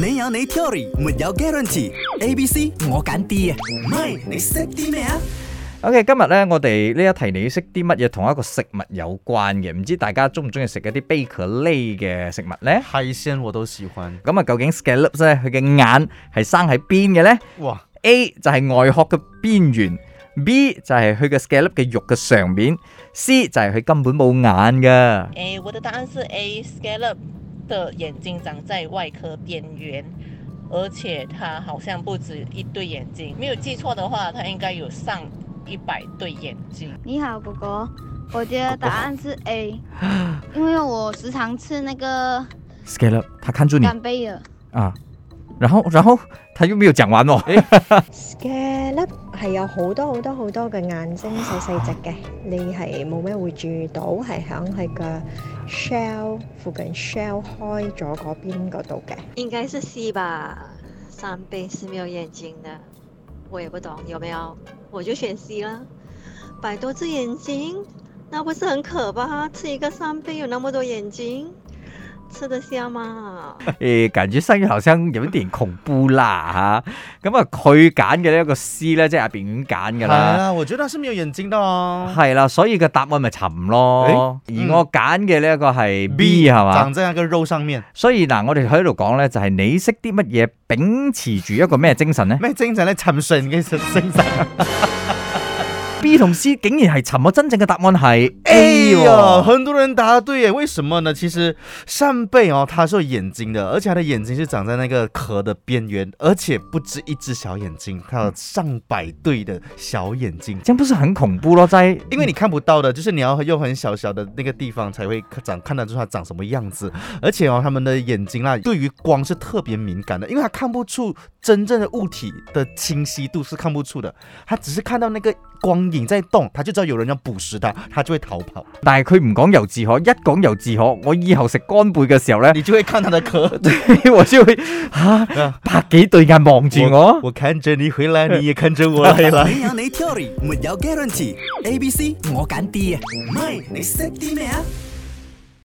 你有你 theory，沒有 guarantee。A、B、C 我揀 D 啊！咪你識啲咩啊？OK，今日咧我哋呢一題你識啲乜嘢同一個食物有關嘅？唔知大家中唔中意食一啲貝殼類嘅食物咧？海鮮我都喜歡。咁啊，究竟 scallop 咧佢嘅眼係生喺邊嘅咧？哇！A 就係外殼嘅邊緣，B 就係佢嘅 scallop 嘅肉嘅上面，C 就係佢根本冇眼噶。誒，我嘅答案是 A scallop。的眼睛長在外殼邊緣，而且他好像不止一對眼睛，沒有記錯的話，他應該有上一百對眼睛。你好，哥哥，我覺得答案是 A，哥哥好，因為我時常吃那個。Skale，他看住你。乾杯了。啊。然後，然後他又沒有講完哦。 Scallop 係有好多好多好多嘅眼睛，細細隻嘅。你係冇咩會注意到，係響佢嘅 shell 附近 shell 開咗嗰邊嗰度嘅。應該是 C 吧，扇貝是沒有眼睛嘅，我也不懂有沒有，我就選 C 啦。百多隻眼睛，那不是很可怕？吃一個扇貝有那麼多眼睛？吃得下嗎？誒、 欸，近住新月頭生有本電影恐怖啦吓，咁啊佢揀嘅呢一個 C 咧，即係入邊揀嘅啦。係啊，我覺得係是沒有眼睛的咯。係啦、啊，所以個答案咪沉咯。欸、而我揀嘅呢一個係 B 係嘛 B, 吧？長在一個肉上面。所以嗱、呃，我哋喺度講咧，就係、是、你識啲乜嘢？秉持住一個咩精神咧？咩精神咧？沉順嘅精神。 B 同 C 竟然沉默。真正的答案係 A 喎，哦哦，很多人答對嘅，為什麼呢？其實扇貝哦，它是有眼睛的，而且它的眼睛是長在那個殼的邊緣，而且不止一隻小眼睛，它有上百對的小眼睛，這樣不是很恐怖咯？在因為你看不到的，就是你要用很小小的那個地方才會長，看得出它長什麼樣子，而且哦，它們的眼睛啦，對於光是特別敏感的，因為它看不出真正的物體的清晰度是看不出的，它只是看到那個。光影在動，他就知道有人要捕食他，他就會逃跑。但係佢唔講猶自可，一講猶自可，我以後食乾貝嘅時候呢，你就會看它的殼， 我就會啊，百、啊、幾對眼望住我，我。我看着你回來，你也看着我回來。